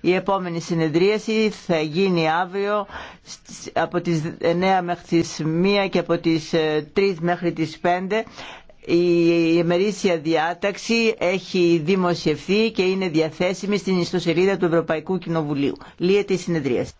Η επόμενη συνεδρίαση θα γίνει αύριο από τις 9 μέχρι τις 1 και από τις 3 ε, μέχρι τις 5. Η ημερήσια διάταξη έχει δημοσιευθεί και είναι διαθέσιμη στην ιστοσελίδα του Ευρωπαϊκού Κοινοβουλίου. Λύεται η συνεδρίαση.